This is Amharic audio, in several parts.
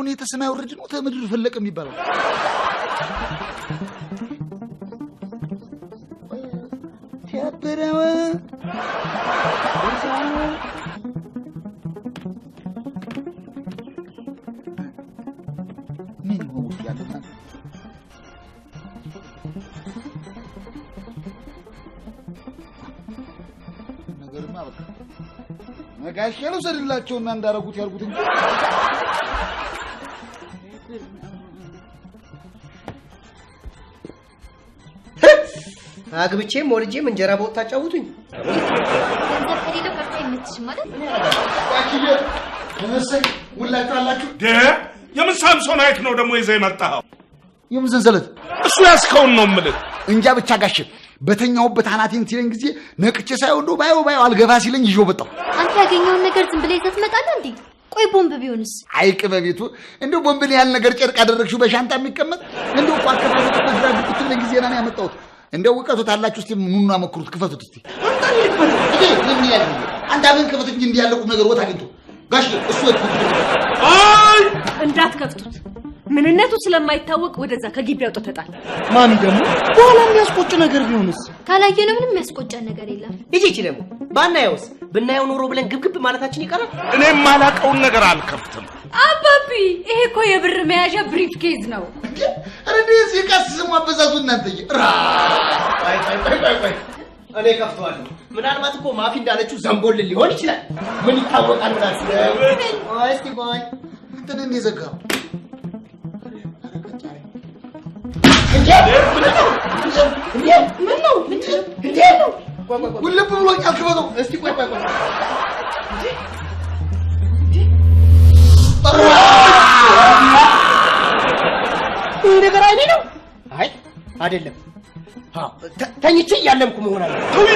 አሁን የተሰማይ ወረድ ነው ተምድር ፈለቀ የሚባለው ያበረወ ምን ሆኖ ያለና ነገርማ በቃ ነጋሽ ያለው ሰድላቸውና እንዳረጉት ያርጉት እንጂ አግብቼም ወልጄም እንጀራ በወጥ ታጫውቱኝ። ሁላችሁ አላችሁ። የምን ሳምሶን አይት ነው ደግሞ ይዘህ የመጣኸው? የምን ሰንሰለት? እሱ ያስከውን ነው የምልህ። እንጃ ብቻ ጋሽ በተኛውበት አናቴን ሲለኝ ጊዜ ነቅቼ ሳይሆን ዶ ባየው ባየው አልገባ ሲለኝ ይዤው አንተ ያገኘውን ነገር ዝም ብለህ ይዘህ ትመጣለህ እንዴ? ቆይ ቦምብ ቢሆንስ? አይቅ በቤቱ እንደው ቦምብ ያህል ነገር ጨርቅ አደረግሽው በሻንጣ የሚቀመጥ እንደው እኮ አከፋፈት ግራጅ ቁትለ ጊዜ ና ያመጣሁት እንደው እውቀቱ ታላችሁ እስቲ ኑና ሞክሩት፣ ክፈቱት እስቲ። አንድ አብን ክፈት እንጂ እንዲህ ያለ ነገር ወት አግኝቶ ጋሽ እሱ እንዳትከፍቱት ምንነቱ ስለማይታወቅ ወደዛ ከግቢ አውጦ ተጣል። ማሚ ደግሞ በኋላ የሚያስቆጭ ነገር ቢሆንስ? ካላየነ ምንም የሚያስቆጨን ነገር የለም። ይቺ ደግሞ ባናየውስ? ብናየው ኖሮ ብለን ግብግብ ማለታችን ይቀራል። እኔም ማላቀውን ነገር አልከፍትም። አባቢ ይሄ እኮ የብር መያዣ ብሪፍ ኬዝ ነው። ረዴስ የቃስ ስሙ አበዛዙ እናንተዬ። እኔ ከፍተዋለሁ። ምናልባት እኮ ማፊ እንዳለችው ዘንቦልን ሊሆን ይችላል። ምን ይታወቃል? ምናስ ስቲ ቆይ እንትን ዘጋው ውልብ ብሎኛል። ክፈተው ቆይ ቆይ ቆይ ይህ ነገር ነው። አይ አይደለም፣ ተኝቼ እያለምኩ መሆን አለ። ተውኔ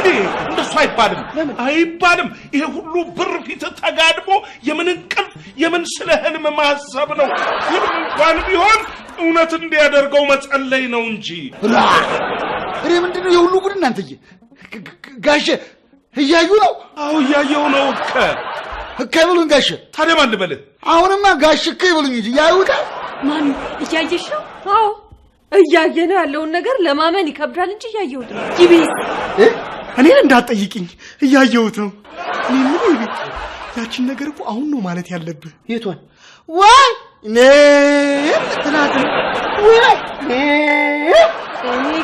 እንደሱ አይባልም፣ አይባልም። ይሄ ሁሉ ብር ፊት ተጋድሞ የምን እንቅልፍ የምን ስለ ህልም ማሰብ ነው። ህልም እንኳን ቢሆን እውነት እንዲያደርገው መጸለይ ነው እንጂ እኔ ምንድን ነው የሁሉ ጉድ እናንተዬ ጋሸ እያዩ ነው አዎ እያየው ነው እከ እከ ይበሉኝ ጋሸ ታዲያ ማን ልበልህ አሁንማ ጋሽ እከ ይበሉኝ እንጂ ያዩታል ማን እያየሽ ነው አዎ እያየ ነው ያለውን ነገር ለማመን ይከብዳል እንጂ እያየሁት ነው ግቢ እኔን እንዳትጠይቅኝ እያየሁት ነው እኔ ምን ያችን ነገር እኮ አሁን ነው ማለት ያለብህ የቷን ዋይ እኔ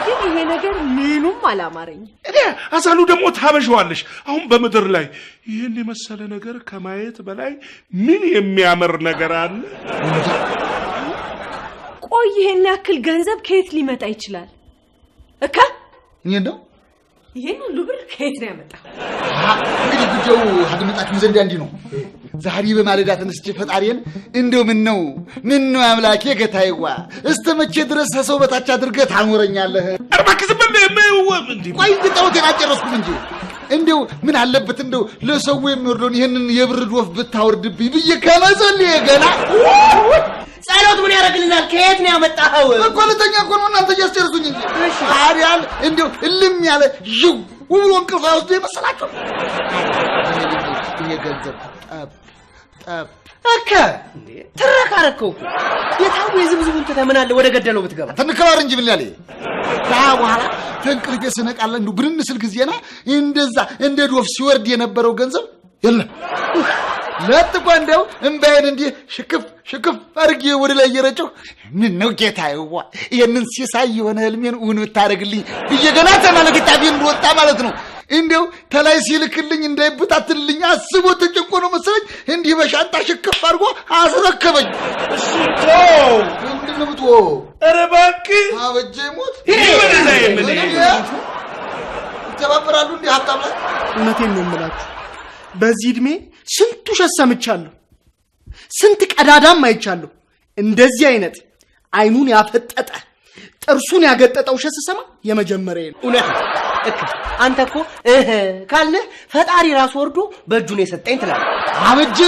ግን ይሄ ነገር ምኑም አላማረኝ። አዛሉ ደግሞ ታበዣዋለሽ። አሁን በምድር ላይ ይህን የመሰለ ነገር ከማየት በላይ ምን የሚያምር ነገር አለ? ቆይ ይሄን ያክል ገንዘብ ከየት ሊመጣ ይችላል? እከ ይሄ ነው ይሄን ሁሉ ብር ከየት ነው ያመጣው? እንግዲህ ጉዳዩ አድመጣችሁ ዘንድ እንዲህ ነው። ዛሬ በማለዳ ተነስቼ ፈጣሪን እንደው ምን ነው ምን ነው አምላኬ ጌታዬዋ እስተ መቼ ድረስ ሰው በታች አድርገህ ታኖረኛለህ? አርባ ክስበል ቆይ ጣውቴን አጨረስኩት እንጂ እንዲው ምን አለበት እንደው ለሰው የሚወርደውን ይህንን የብርድ ወፍ ብታወርድብኝ ብዬ ከመጸልዬ ገና ጸሎት ምን ያደርግልናል? ከየት ነው ያመጣኸው? እኮ ልተኛ እኮ ነው እናንተ እያስጨርሱኝ እንጂ አሪያል እንዲው እልም ያለ ይው ውብሎ እንቅልፍ ወስዶ ይመስላችሁ ይሄ ገንዘብ ጠብ ጠብ አከ እንዴ ትረካ አደረከው የታው የዝብዝቡን ትተህ ምን አለ ወደ ገደለው ብትገባ ተንከባር እንጂ ምን ያለ ታ በኋላ ተንቅልፌ ስነቃለ እንዱ ብንን ስል ጊዜና እንደዛ እንደ ዶፍ ሲወርድ የነበረው ገንዘብ የለም ለጥቆ እንደው እምባዬን እንዲህ ሽክፍ ሽክፍ አድርጌ ወደ ላይ እየረጨሁ ምን ነው ጌታ ይዋ ይህንን ሲሳይ የሆነ ህልሜን እውን ብታደርግልኝ ብዬ ገና ተማለት ጣቤ እንደወጣ ማለት ነው እንዲው ተላይ ሲልክልኝ እንዳይበታትልኝ አስቦ ተጨንቆ ነው መሰለኝ እንዲህ በሻንጣ ሽከፍ አድርጎ አስረከበኝ። እሱ ምንድን ነው አበጀ ይሞት ይተባበራሉ። እንዲህ ሀብታም ላይ እውነቴን ነው የምላችሁ፣ በዚህ እድሜ ስንቱ ሸሰምቻለሁ፣ ስንት ቀዳዳም አይቻለሁ። እንደዚህ አይነት አይኑን ያፈጠጠ ጥርሱን ያገጠጠው ውሸት ስሰማ የመጀመሪያ ነው። እውነት እክ አንተ እኮ እህ ካለ ፈጣሪ ራሱ ወርዶ በእጁ ነው የሰጠኝ ትላለህ። አበጀ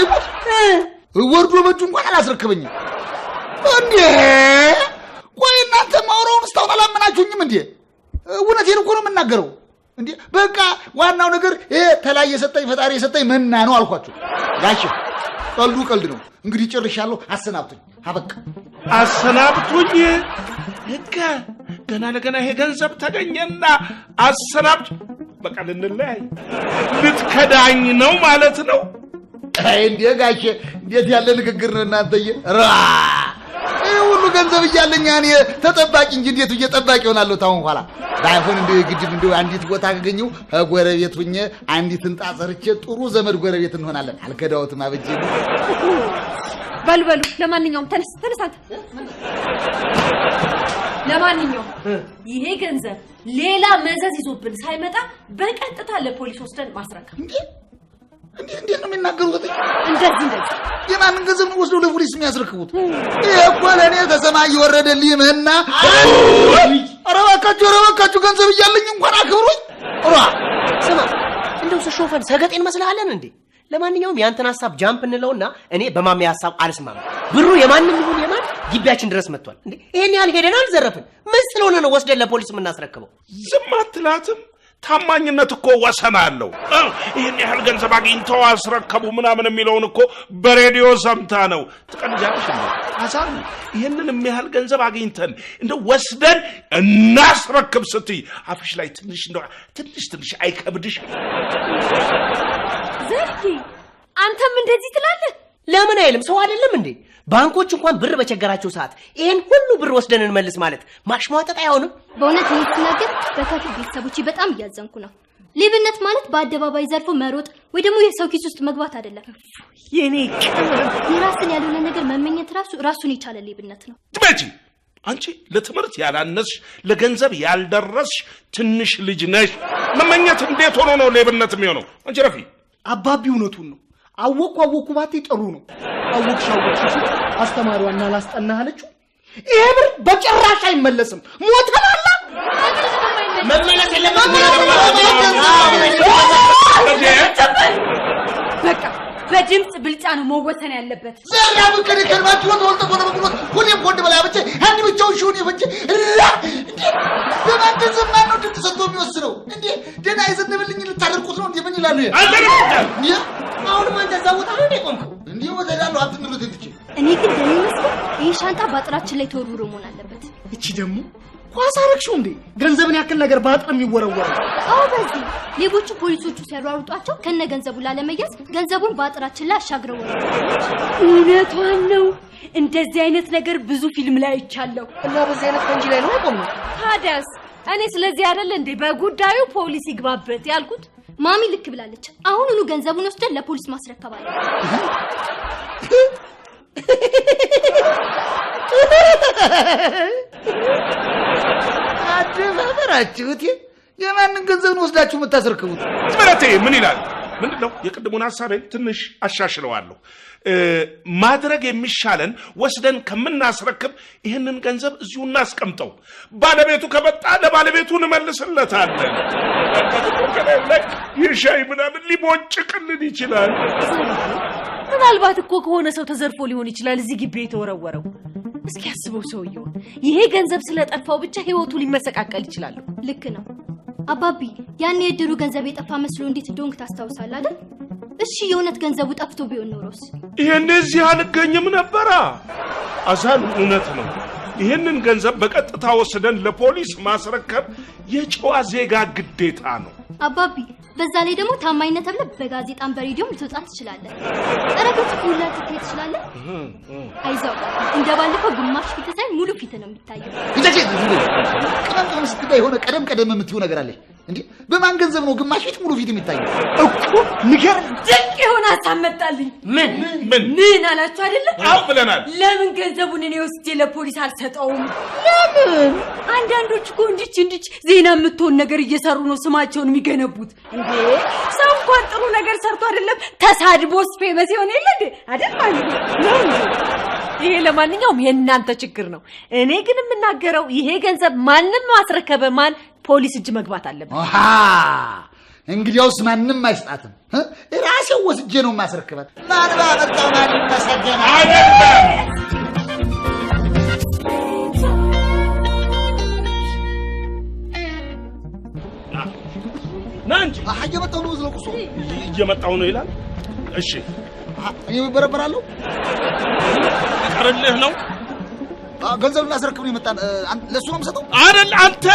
ወርዶ በእጁ እንኳን አላስረክበኝም እንዴ! ቆይ እናንተ ማውራውን እስካሁን አላመናችሁኝም እንዴ? እውነቴን እኮ ነው የምናገረው እንዴ። በቃ ዋናው ነገር ይሄ ተላይ የሰጠኝ ፈጣሪ የሰጠኝ መና ነው አልኳቸው። ጋሽ ቀልዱ ቀልድ ነው። እንግዲህ ጭርሻለሁ። አሰናብቱኝ። አበቃ። አሰናብቱኝ። ህገ ገና ለገና ይሄ ገንዘብ ተገኘና አሰናብቱ። በቃ ልንለያይ ልትከዳኝ ነው ማለት ነው። እንዴ ጋሼ፣ እንዴት ያለ ንግግር ነው እናንተዬ! ይህ ሁሉ ገንዘብ እያለኝ እኔ ተጠባቂ እንጂ እንዴት ብዬ ጠባቂ ታሁን ኋላ ባይሆን እንዲ ግድብ እንዲ አንዲት ቦታ ካገኘሁ ከጎረቤት ሁኜ አንዲትን ጣሰርቼ ጥሩ ዘመድ ጎረቤት እንሆናለን። አልከዳውትም አበጀ። በሉ በሉ፣ ለማንኛውም ተነስ ተነሳት። ለማንኛውም ይሄ ገንዘብ ሌላ መዘዝ ይዞብን ሳይመጣ በቀጥታ ለፖሊስ ወስደን ማስረከብ። እንዴ እንዴ ነው የሚናገሩት? እንደዚህ እንደዚህ የማንን ገንዘብ ነው ወስደው ለፖሊስ የሚያስረክቡት? ይሄ እኮ ለእኔ ከሰማይ የወረደልኝ ምህና። ኧረ እባካችሁ፣ ኧረ እባካችሁ ገንዘብ እያለኝ እንኳን አክብሩኝ። ስማ እንደው ስሾፈን ሰገጤን መስልሃለን እንዴ? ለማንኛውም ያንተን ሀሳብ ጃምፕ እንለውና እኔ በማሜ ሀሳብ አልስማም። ብሩ የማንም ይሁን የማን ግቢያችን ድረስ መጥቷል። እንዴ ይሄን ያህል ሄደን አልዘረፍን። ምን ስለሆነ ነው ወስደን ለፖሊስ የምናስረክበው? ዝም አትላትም? ታማኝነት እኮ ወሰን አለው። ይህን ያህል ገንዘብ አግኝተው አስረከቡ ምናምን የሚለውን እኮ በሬዲዮ ሰምታ ነው። ትቀልጃለሽ እ ይህንን የሚያህል ገንዘብ አግኝተን እንደ ወስደን እናስረክብ ስትይ አፍሽ ላይ ትንሽ ትንሽ ትንሽ አይከብድሽ? አንተም እንደዚህ ትላለህ? ለምን አይልም? ሰው አይደለም እንዴ? ባንኮች እንኳን ብር በቸገራቸው ሰዓት ይሄን ሁሉ ብር ወስደን እንመልስ ማለት ማሽሟጠጥ አይሆንም? በእውነት ይህ ስናገር በከፊል ቤተሰቦቼ በጣም እያዘንኩ ነው። ሌብነት ማለት በአደባባይ ዘርፎ መሮጥ ወይ ደግሞ የሰው ኪስ ውስጥ መግባት አይደለም። የኔ የራስን ያልሆነ ነገር መመኘት ራሱ ራሱን የቻለ ሌብነት ነው። ትመጪ አንቺ ለትምህርት ያላነስሽ ለገንዘብ ያልደረስሽ ትንሽ ልጅ ነሽ። መመኘት እንዴት ሆኖ ነው ሌብነት የሚሆነው? አንቺ ረፊ አባቢ እውነቱን ነው። አወቅኩ አወቅኩ ባቴ ጥሩ ነው። አወቅሽ አወቅሽ አስተማሪዋና ላስጠና አለችው። ይሄ ብር በጭራሽ አይመለስም። ሞተን መመለስ የለም። በቃ በድምፅ ብልጫ ነው መወሰን ያለበት። ዛሬ አመከረከር ባጭ ወደ ወልተ ወደ ወደ ሁሌም ወደ በላይ አብቼ አንድ ብቻው ሹን ይፈጭ እላ በማን ተዘማን ነው ድምፅ ሰጥቶ የሚወስነው እንዴ? ደና አይዘንብልኝ ልታደርቁት ነው እንዴ? ምን ይላሉ? አልተረዳም። አሁን ማን ተዛውታ ነው እንዴ? ቆምኩ እንዴ ወደዳሉ አትምሩት እንዴ? እኔ ግን ደኔ መስሎ ይሄ ሻንጣ በአጥራችን ላይ ተወርውሮ መሆን አለበት። እቺ ደግሞ ኳስ አረግሽው እንዴ? ገንዘብን ያክል ነገር በአጥር የሚወረወረው አዎ። በዚህ ሌቦቹ ፖሊሶቹ ሲያሯሩጧቸው ከነ ገንዘቡ ላለመያዝ ገንዘቡን በአጥራችን ላይ አሻግረው እውነቷን ነው። እንደዚህ አይነት ነገር ብዙ ፊልም ላይ አይቻለሁ። እና በዚህ አይነት ፈንጂ ላይ ነው ቆም። ታዲያስ እኔ ስለዚህ አይደል እንዴ በጉዳዩ ፖሊስ ይግባበት ያልኩት? ማሚ ልክ ብላለች። አሁኑኑ ገንዘቡን ወስደን ለፖሊስ ማስረከባለን። አደባበራችሁት የማንን ገንዘብ ነው ወስዳችሁ የምታስረክቡት? ምረቴ ምን ይላል? ምንድን ነው የቅድሙን ሀሳቤን ትንሽ አሻሽለዋለሁ። ማድረግ የሚሻለን ወስደን ከምናስረክብ ይህንን ገንዘብ እዚሁ እናስቀምጠው። ባለቤቱ ከመጣ ለባለቤቱ እንመልስለታለን። ላይ የሻይ ምናምን ሊቦጭቅልን ይችላል። ምናልባት እኮ ከሆነ ሰው ተዘርፎ ሊሆን ይችላል እዚህ ግቢ የተወረወረው። እስኪ ያስበው ሰውየው ይሄ ገንዘብ ስለጠፋው ብቻ ህይወቱ ሊመሰቃቀል ይችላል። ልክ ነው አባቢ። ያኔ የእድሩ ገንዘብ የጠፋ መስሎ እንዴት እንደሆንክ ታስታውሳለህ አይደል? እሺ የእውነት ገንዘቡ ጠፍቶ ቢሆን ኖሮስ ይሄን እዚህ አልገኝም ነበራ። አዛን እውነት ነው። ይህንን ገንዘብ በቀጥታ ወስደን ለፖሊስ ማስረከብ የጨዋ ዜጋ ግዴታ ነው አባቢ። በዛ ላይ ደግሞ ታማኝነት ተብለ በጋዜጣን በሬዲዮም ልትወጣ ትችላለህ። ጠረቶች ሁላ ትታይ ትችላለህ። አይዛው እንደ ባለፈው ግማሽ ፊት ሳይሆን ሙሉ ፊት ነው የሚታየው። ቀደም ቀደም ስትገባ የሆነ ቀደም ቀደም የምትይው ነገር አለ። እንዴ በማን ገንዘብ ነው ግማሽ ፊት ሙሉ ፊት የሚታየው? እኮ ንገር። ድንቅ የሆነ ሀሳብ መጣልኝ። ምን ምን ምን አላችሁ አይደለ? አዎ ብለናል። ለምን ገንዘቡን እኔ ወስጄ ለፖሊስ አልሰጠውም? ለምን? አንዳንዶች እኮ እንዲች እንዲች ዜና የምትሆን ነገር እየሰሩ ነው ስማቸውን የሚገነቡት። እንዴ ሰው እንኳን ጥሩ ነገር ሰርቶ አይደለም ተሳድቦ ፌመስ የሆነ የለ እንዴ ይሄ ለማንኛውም የእናንተ ችግር ነው። እኔ ግን የምናገረው ይሄ ገንዘብ ማንም አስረከበ ማን ፖሊስ እጅ መግባት አለበት። እንግዲያውስ ማንም አይስጣትም፣ ራሴው ወስጄ ነው የማስረክባት። ማን ባመጣው ማን ነው። ነው ይላል። እሺ ይበረበራለሁ። ቀርልህ ነው ገንዘብ ልናስረክብ ነው የመጣን። ለእሱ ነው የምሰጠው አይደል? አንተ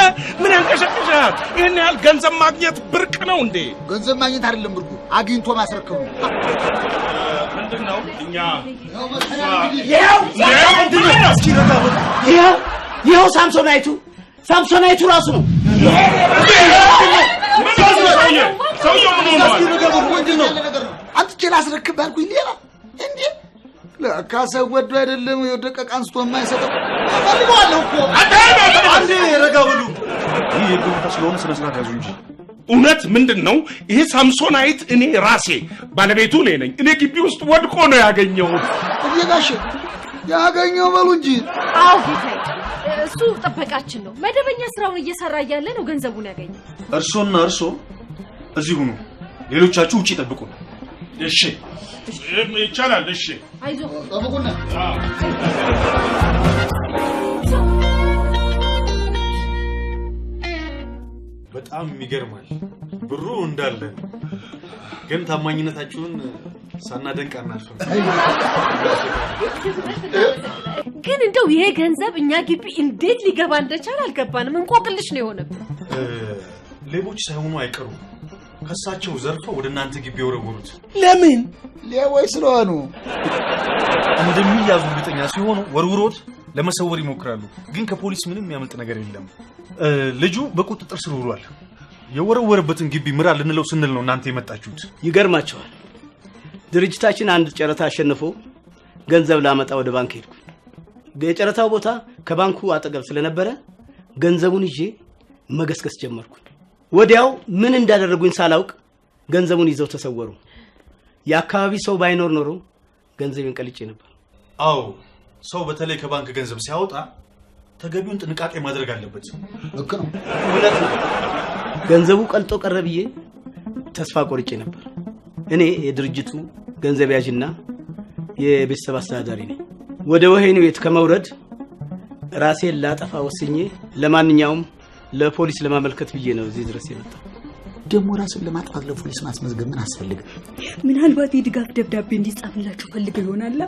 ምን ያንቀሸቀሻት? ይህን ያህል ገንዘብ ማግኘት ብርቅ ነው እንዴ? ገንዘብ ማግኘት አይደለም ብርቁ፣ አግኝቶ ማስረክብ ነው። ምንድን ነው እኛ ይኸው ሳምሶናይቱ ሳምሶናይቱ ራሱ ነው። ሰውየው ምን ሆነዋል? አንተ ቼላ አስረክብ አልኩኝ ሌላ ካሰ ወዶ አይደለም የወደቀ አንስቶ የማይሰጠው ፈልገዋለሁ እኮ አንዴ ረጋ በሉ። ይህ የግብታ ስለሆነ ስነ ስርዓት ያዙ እንጂ እውነት ምንድን ነው ይሄ ሳምሶናይት? እኔ ራሴ ባለቤቱ እኔ ነኝ። እኔ ግቢ ውስጥ ወድቆ ነው ያገኘሁት። እየጋሽ ያገኘው በሉ እንጂ። አዎ እሱ ጥበቃችን ነው። መደበኛ ስራውን እየሰራ እያለ ነው ገንዘቡን ያገኘ እርሶና እርሶ እዚህ ሁኑ፣ ሌሎቻችሁ ውጭ ይጠብቁ። እሺ ይቻላል። እሺ e, በጣም ይገርማል። ብሩ እንዳለ ግን ታማኝነታችሁን ሳናደንቅ አናልፍም። ግን እንደው ይሄ ገንዘብ እኛ ግቢ እንዴት ሊገባ እንደቻል አልገባንም። እንቆቅልሽ ነው የሆነብን። ሌቦች ሳይሆኑ አይቀሩም። ከሳቸው ዘርፈ ወደ እናንተ ግቢ የወረወሩት ለምን? ሌቦች ስለሆኑ እንደሚያዙ እርግጠኛ ሲሆኑ ወርውሮት ለመሰወር ይሞክራሉ። ግን ከፖሊስ ምንም የሚያመልጥ ነገር የለም። ልጁ በቁጥጥር ስር ውሏል። የወረወረበትን ግቢ ምራ ልንለው ስንል ነው እናንተ የመጣችሁት። ይገርማቸዋል። ድርጅታችን አንድ ጨረታ አሸንፎ ገንዘብ ላመጣ ወደ ባንክ ሄድኩ። የጨረታው ቦታ ከባንኩ አጠገብ ስለነበረ ገንዘቡን ይዤ መገስገስ ጀመርኩኝ። ወዲያው ምን እንዳደረጉኝ ሳላውቅ ገንዘቡን ይዘው ተሰወሩ። የአካባቢ ሰው ባይኖር ኖሮ ገንዘቤን ቀልጬ ነበር። አዎ ሰው በተለይ ከባንክ ገንዘብ ሲያወጣ ተገቢውን ጥንቃቄ ማድረግ አለበት። እውነት ነው። ገንዘቡ ቀልጦ ቀረ ብዬ ተስፋ ቆርጬ ነበር። እኔ የድርጅቱ ገንዘብ ያዥና የቤተሰብ አስተዳዳሪ ነኝ። ወደ ወህኒ ቤት ከመውረድ ራሴን ላጠፋ ወስኜ ለማንኛውም ለፖሊስ ለማመልከት ብዬ ነው እዚህ ድረስ የመጣው። ደግሞ ራሱን ለማጥፋት ለፖሊስ ማስመዝገብ ምን አስፈልግ? ምናልባት የድጋፍ ደብዳቤ እንዲጻፍላችሁ ፈልገው ይሆናለ።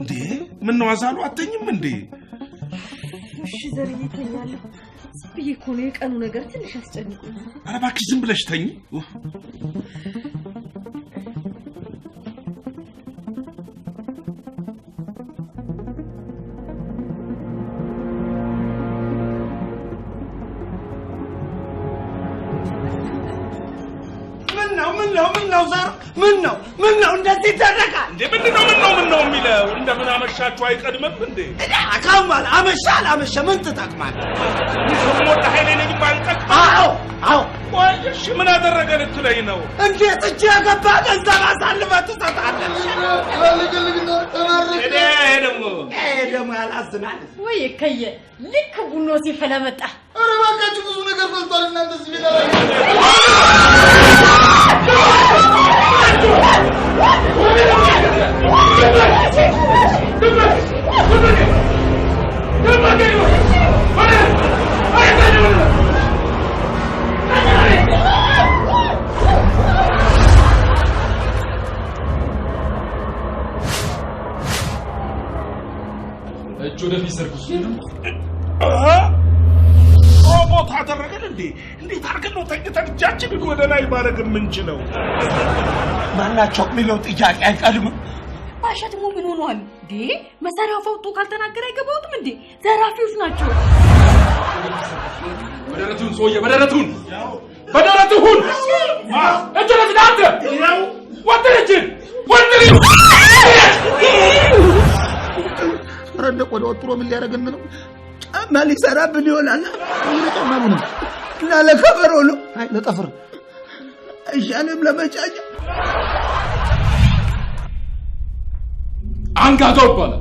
እንዴ ምን ነው አዛሉ አተኝም እንዴ እሺ ዘርዬ እተኛለሁ። ዝም ብዬ እኮ ነው የቀኑ ነገር ትንሽ አስጨንቁኝ። ኧረ እባክሽ ዝም ብለሽ ተኝ። ነው ምን ነው ምን ነው ዘር ምን ነው ምን ነው እንደዚህ ይደረጋል እንዴ? ምን ነው ምን ነው ምን ነው የሚለው እንደምን አመሻችሁ አይቀድምም እንዴ? አካማል አመሻ አላመሸ ምን ትጠቅማል? ሞላ ኃይሌ ነኝ ባልቀቅ አዎ አዎ ቆይሽ ምን አደረገ ልትለኝ ነው? እንዴት እጅ ያገባ ገንዘብ አሳልፈ ትሰጣለሽ? ይሄ ደግሞ ያላዝናል። ወይ ከየ ልክ ቡኖ ሲፈለመጣ መጣ። ኧረ እባካችሁ ብዙ ነገር በዝቷል እናንተ እዚህ ቤት Giulia Fisser, posso Ah! ሞት አደረገን እንዴ? እንዴት አድርገን ነው ተኝተን እጃችንን ወደ ላይ ማድረግ የምንችለው? ማናቸው የሚለው ጥያቄ አይቀድምም። ባሸትሙ ምን ሆኗል እንዴ? መሳሪያው ፈውጦ ካልተናገረ አይገባውትም እንዴ? ዘራፊዎች ናቸው። በደረቱን ሰውዬ፣ በደረቱን በደረቱን እጅ ለፊት አንተ ወንድ ልጅን ወንድ ልጅ ወጥሮ ምን ሊያደርገን ነው? መልክ ሰራብን ይሆናል ጠባቡ ነው እና ለከበሮ ነው ለጠፍር እሻንም ለመጫጭ አንጋቶ ይባላል።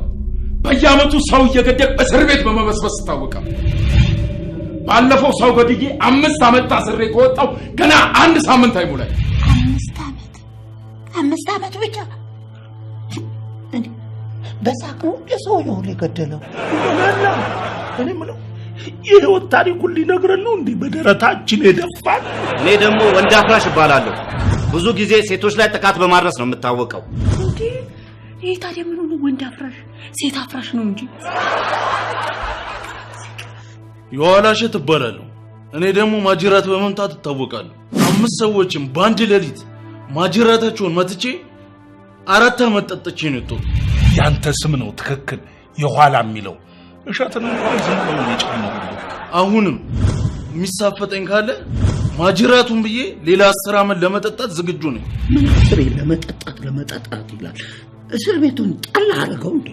በየአመቱ ሰው እየገደል እስር ቤት በመበስበስ ይታወቃል። ባለፈው ሰው ገድዬ አምስት አመት ታስሬ ከወጣው ገና አንድ ሳምንት አይሞላኝ። አምስት አመት አምስት አመት ብቻ በሳቅ ሰው የሁሉ የገደለው እኔ ምለው የህይወት ታሪኩን ሊነግረን ነው እንዲህ በደረታችን የደፋል። እኔ ደግሞ ወንድ አፍራሽ እባላለሁ። ብዙ ጊዜ ሴቶች ላይ ጥቃት በማድረስ ነው የምታወቀው። ይህ ታዲያ ምን ሆነ? ወንድ አፍራሽ ሴት አፍራሽ ነው እንጂ የኋላሸ ትባላለሁ። እኔ ደግሞ ማጅራት በመምታት እታወቃለሁ። አምስት ሰዎችን በአንድ ሌሊት ማጅራታቸውን መትቼ አራት አመት ጠጥቼ ነው። ያንተ ስም ነው ትክክል የኋላ የሚለው እሸትን ዝም ብሎ ይጨምራሉ። አሁንም የሚሳፈጠኝ ካለ ማጅራቱን ብዬ ሌላ አስር ዓመት ለመጠጣት ዝግጁ ነኝ። ምን አስሬ ለመጠጣት ለመጠጣት ይላል። እስር ቤቱን ጠላ አድርገው እንዴ!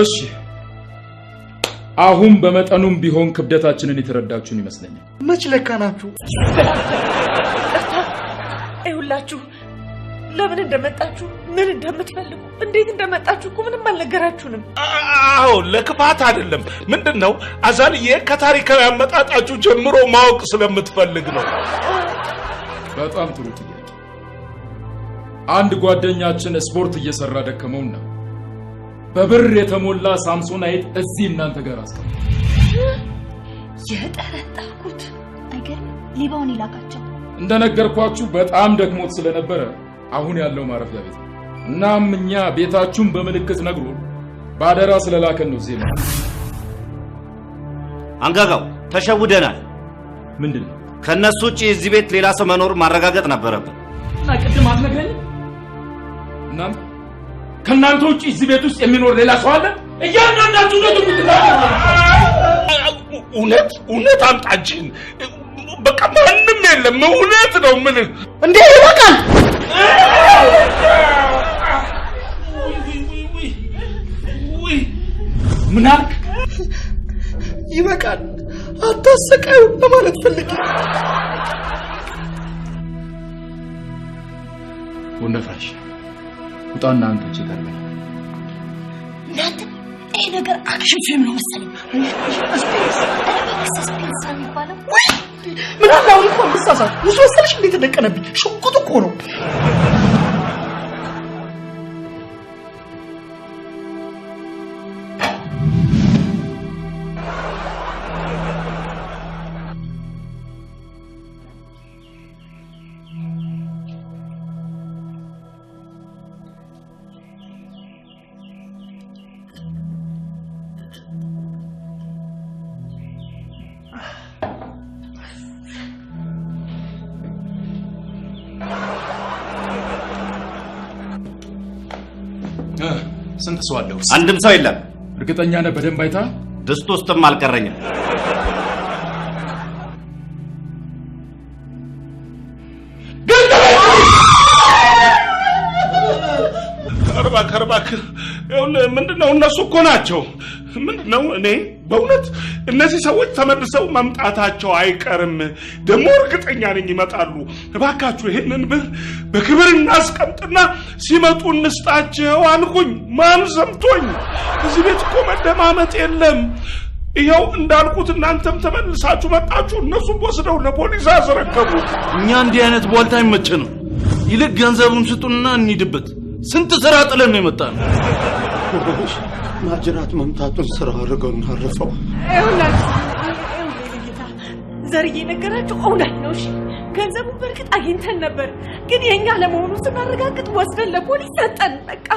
እሺ አሁን በመጠኑም ቢሆን ክብደታችንን የተረዳችሁን ይመስለኛል። መች ለካ ናችሁ። ይሁላችሁ ለምን እንደመጣችሁ ምን እንደምትፈልጉ እንዴት እንደመጣችሁ እኮ ምንም አልነገራችሁንም። አዎ ለክፋት አይደለም። ምንድን ነው አዛልዬ ከታሪካዊ አመጣጣችሁ ጀምሮ ማወቅ ስለምትፈልግ ነው። በጣም ጥሩ ጥያቄ። አንድ ጓደኛችን ስፖርት እየሰራ ደከመውና በብር የተሞላ ሳምሶናይት እዚህ እናንተ ጋር አስቀምጠ የጠረጠርኩት አይገርም። ሊባውን ይላካቸው እንደነገርኳችሁ በጣም ደክሞት ስለነበረ አሁን ያለው ማረፊያ ቤት እናም እኛ ቤታችሁን በምልክት ነግሮ በአደራ ስለላከን ነው። ዜማ አንጋጋው ተሸውደናል። ምንድን ነው? ከእነሱ ውጭ እዚህ ቤት ሌላ ሰው መኖር ማረጋገጥ ነበረብን እና ቅድም አትነግረኝ? እናንተ ከእናንተ ውጭ እዚህ ቤት ውስጥ የሚኖር ሌላ ሰው አለ? እያንዳንዳችሁ ነ እውነት እውነት አምጣጅን በቃ ማንም የለም። እውነት ነው። ምን እንዴ ይበቃል። ምን አልክ? ይበቃል፣ አታሰቃዩ ለማለት ፈልጌ ወንደፍራሽ ውጣና አንተ ችግር ላይ እናንተ ይህ ነገር አክሽን ፊልም ነው መሰለኝ። ሰስፔንስ ምን አለ አሁን እኮ ብሳሳት ውስጥ መሰለሽ እንዴት ደቀነብኝ። ሽጉጥ እኮ ነው ስንት ሰው አለው? አንድም ሰው የለም። እርግጠኛ ነህ? በደንብ አይታ ድስት ውስጥም አልቀረኝም። እባክህ እባክህ፣ ምንድን ነው? እነሱ እኮ ናቸው። ምንድን ነው? እኔ በእውነት እነዚህ ሰዎች ተመልሰው መምጣታቸው አይቀርም። ደግሞ እርግጠኛ ነኝ ይመጣሉ። እባካችሁ ይህንን ብር በክብር እናስቀምጥና ሲመጡ እንስጣቸው አልኩኝ። ማን ሰምቶኝ? እዚህ ቤት እኮ መደማመጥ የለም። ይኸው እንዳልኩት እናንተም ተመልሳችሁ መጣችሁ። እነሱም ወስደው ለፖሊስ አስረከቡት። እኛ እንዲህ አይነት ቧልታ ነው? ይልቅ ገንዘቡን ስጡንና እንሂድበት። ስንት ስራ ጥለን ነው የመጣ ነው። ማጅራት መምታቱን ስራ አድርገው እናርፈው። ዘርዬ እየነገራችሁ እውነት ነው። እሺ ገንዘቡ በእርግጥ አግኝተን ነበር፣ ግን የእኛ ለመሆኑ ስናረጋግጥ ወስደን ለፖሊስ ሰጠን። በቃ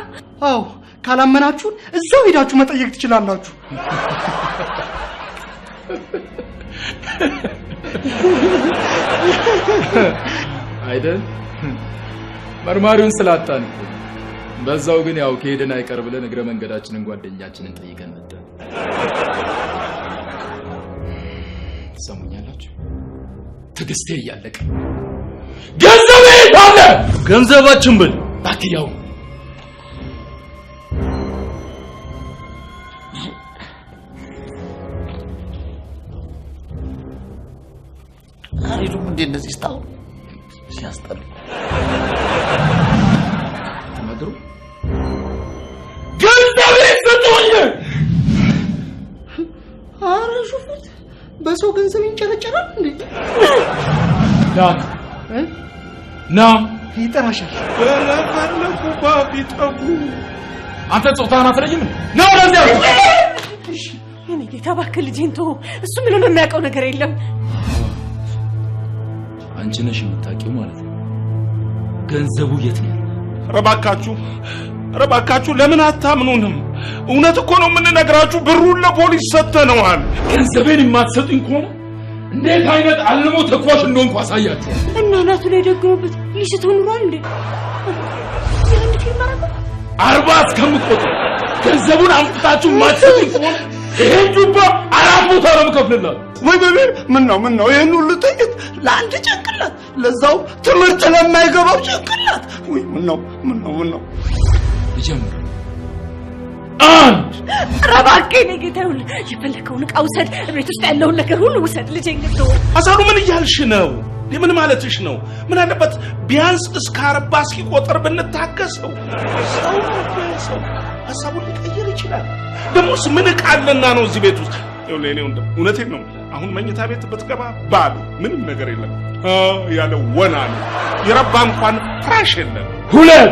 አዎ፣ ካላመናችሁን እዛው ሄዳችሁ መጠየቅ ትችላላችሁ። አይደል መርማሪውን ስላጣን በዛው ግን ያው ከሄደን አይቀር ብለን እግረ መንገዳችንን ጓደኛችንን ጠይቀን መጣን። ሰሙኝ። ትዕግስቴ እያለቀ ገንዘብ አለ ገንዘባችን ብል ባክያው አሪዱም እንዴ እነዚህ ስታው ሲያስጠሉ ሰው ገንዘብ ይንጨረጨራል እንዴ? ና ና፣ ይጠራሻል። ኧረ ፈለኩ ባቢ አንተ ጾታህን አትለይም። ና ወደዚያ። እሺ የኔ ጌታ እባክህ ልጄን ተወው። እሱ ምንም የሚያውቀው ነገር የለም። አንቺ ነሽ የምታውቂው ማለት ነው። ገንዘቡ የት ነው? እባካችሁ እባካችሁ ለምን አታምኑንም? እውነት እኮ ነው የምንነግራችሁ። ብሩን ለፖሊስ ሰጥተነዋል። ገንዘቤን የማትሰጡኝ ከሆነ እንዴት አይነት አልሞ ተኳሽ እንደሆንኩ አሳያችሁ። እና እናቱ ላይ ደግሞበት ሊስት ሆኑሯል እንዴ? የአንድ ፊልም አርባ እስከምቆጥር ገንዘቡን አምጥታችሁ የማትሰጡኝ ከሆነ ይሄን ጁባ አራት ቦታ ነው የምከፍልላት። ወይ በቤ ምን ነው ምን ነው ይህን ሁሉ ጥይት ለአንድ ጭንቅላት፣ ለዛው ትምህርት ለማይገባው ጭንቅላት። ወይ ምን ነው ምን ነው ምን ነው ጀምር። አንድ ረባኬ ጌታሁን፣ የፈለከውን ዕቃ ውሰድ፣ ቤት ውስጥ ያለውን ነገር ሁሉ ውሰድ። ልጄ እንግዶ አዛሩ፣ ምን እያልሽ ነው? ምን ማለትሽ ነው? ምን አለበት ቢያንስ እስከ አርባ እስኪቆጠር ብንታገሰው። ሰው ሰው ሀሳቡን ሊቀይር ይችላል። ደግሞስ ምን እቃ አለና ነው እዚህ ቤት ውስጥ? እውነቴን ነው። አሁን መኝታ ቤት ብትገባ ባሉ ምንም ነገር የለም ያለ ወና ነው። የረባ እንኳን ፍራሽ የለም። ሁለት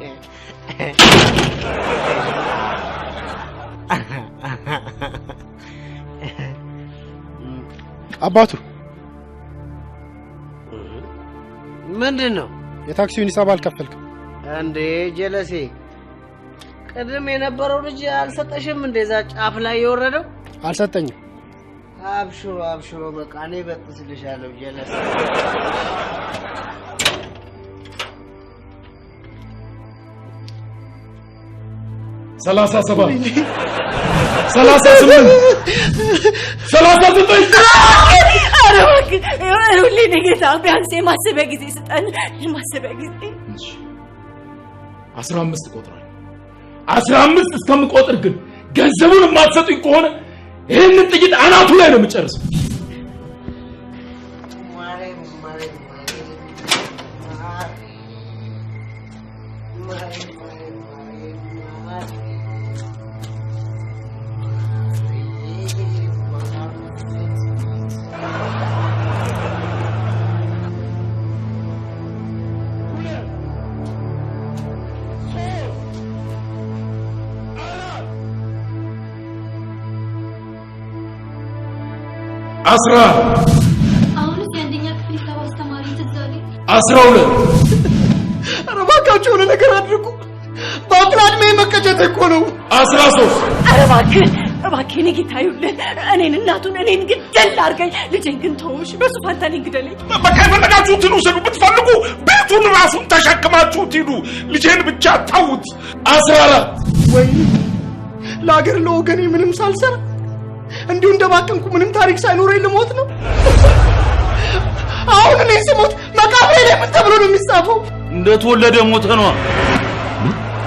አባቱ ምንድን ነው? የታክሲውን ሂሳብ አልከፈልክም እንዴ? ጀለሴ ቅድም የነበረው ልጅ አልሰጠሽም እንዴ? እዛ ጫፍ ላይ የወረደው አልሰጠኝም። አብሽሮ አብሽሮ፣ በቃ እኔ በጥስልሻለሁ ጀለሴ ሰላሳ ሰባት ሰላሳ ስምንት ሰላሳ ሁሌ ቢያንስ የማሰቢያ ጊዜ ስጠን። የማሰቢያ ጊዜ አስራ አምስት ቆጥራል። አስራ አምስት እስከምቆጥር ግን ገንዘቡን የማትሰጡኝ ከሆነ ይህንን ጥይት አናቱ ላይ ነው የምጨርሰው። አስራ አስራ ሁለት ኧረ እባካችሁ የሆነ ነገር አድርጉ። በአፍላ ዕድሜ መቀጨት እኮ ነው። አስራ ኧረ እባክህ እባክህ እኔ ጌታ እኔን እናቱን እኔን ግደል አድርገኝ፣ ልጄን ግን ተውሽ። በሱ ፋንታ እኔን ግደለኝ። በቃ የፈለጋችሁትን ውሰዱ፣ ብትፈልጉ ቤቱን ራሱን ተሸክማችሁት ሂዱ፣ ልጄን ብቻ አስራ አራት ወይ ለአገር ለወገኔ ምንም ሳልሰራ እንዲሁ እንደባከንኩ ምንም ታሪክ ሳይኖረኝ ልሞት ነው። አሁን እኔ ስሞት መቃብሬ ላይ ምን ተብሎ ነው የሚጻፈው? እንደተወለደ ሞተ ነዋ።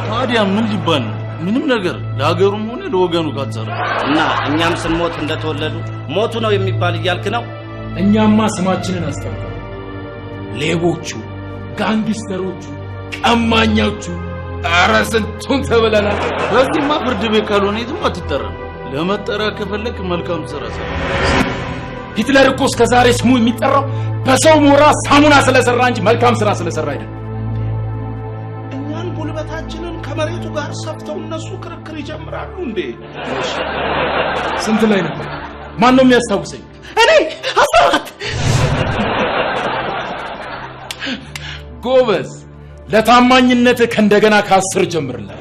ታዲያ ምን ሊባል ነው? ምንም ነገር ለሀገሩም ሆነ ለወገኑ ካልሰራ እና እኛም ስንሞት እንደተወለዱ ሞቱ ነው የሚባል እያልክ ነው? እኛማ ስማችንን አስጠራ። ሌቦቹ፣ ጋንግስተሮቹ፣ ቀማኛዎቹ፣ ኧረ ስንቱን ተብለናል። በዚህማ ፍርድ ቤት ካልሆነ የትም አትጠራም። ለመጠራት ከፈለክ መልካም ስራ ሰራ። ሂትለር እኮ እስከ ዛሬ ስሙ የሚጠራው በሰው ሞራ ሳሙና ስለሰራ እንጂ መልካም ስራ ስለሰራ አይደለም። እኛን ጉልበታችንን ከመሬቱ ጋር ሰፍተው እነሱ ክርክር ይጀምራሉ እንዴ? ስንት ላይ ነበር? ማን ነው የሚያስታውሰኝ? እኔ አስራት ጎበዝ። ለታማኝነት ከእንደገና ከአስር ጀምርላል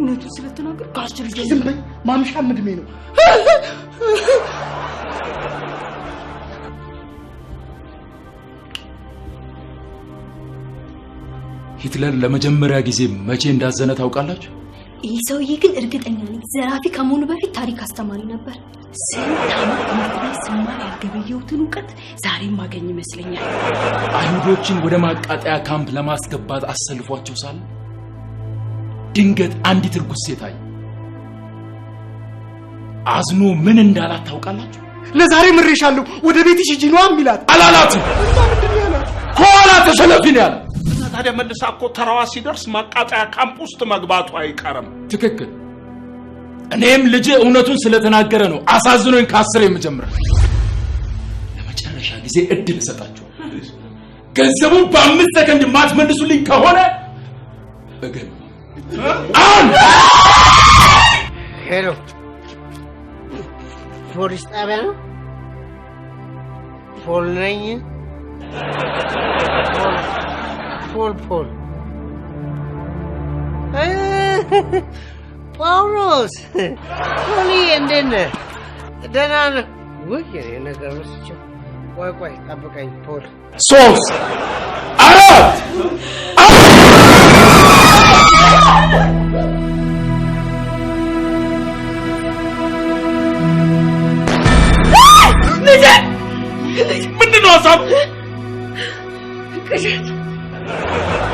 እውነቱን ስለተናገር ከአስር ልጅ ዝም በይ። ማምሻ ምድሜ ነው። ሂትለር ለመጀመሪያ ጊዜ መቼ እንዳዘነ ታውቃላችሁ? ይህ ሰውዬ ግን እርግጠኛ ነኝ ዘራፊ ከመሆኑ በፊት ታሪክ አስተማሪ ነበር። ስንት ያልገበየሁትን እውቀት ዛሬም ማገኝ ይመስለኛል። አይሁዶችን ወደ ማቃጠያ ካምፕ ለማስገባት አሰልፏቸው ሳለ ድንገት አንዲት እርጉዝ ሴት አዝኖ ምን እንዳላት ታውቃላችሁ? ለዛሬ ምሬሻለሁ፣ ወደ ቤትሽ ሂጂ ነው የሚላት አላላትም። ከኋላ ተሸነፊ ነው ያለ። ታዲያ መልሳ እኮ ተራዋ ሲደርስ ማቃጠያ ካምፕ ውስጥ መግባቱ አይቀርም። ትክክል። እኔም ልጅ እውነቱን ስለተናገረ ነው አሳዝኖኝ ከአስር የምጀምረ ለመጨረሻ ጊዜ እድል እሰጣችሁ። ገንዘቡን በአምስት ሰከንድ ማትመልሱልኝ ከሆነ እገል Hello. Forest Avenue? Fall Lane? Fall, fall. Paulos! Fully and then. Then I'll. Wicked in a girl's job. Why, why, Abigail Paul? Souls! Arab! Arab! Necdet! Mıntı ne olsam? Necdet!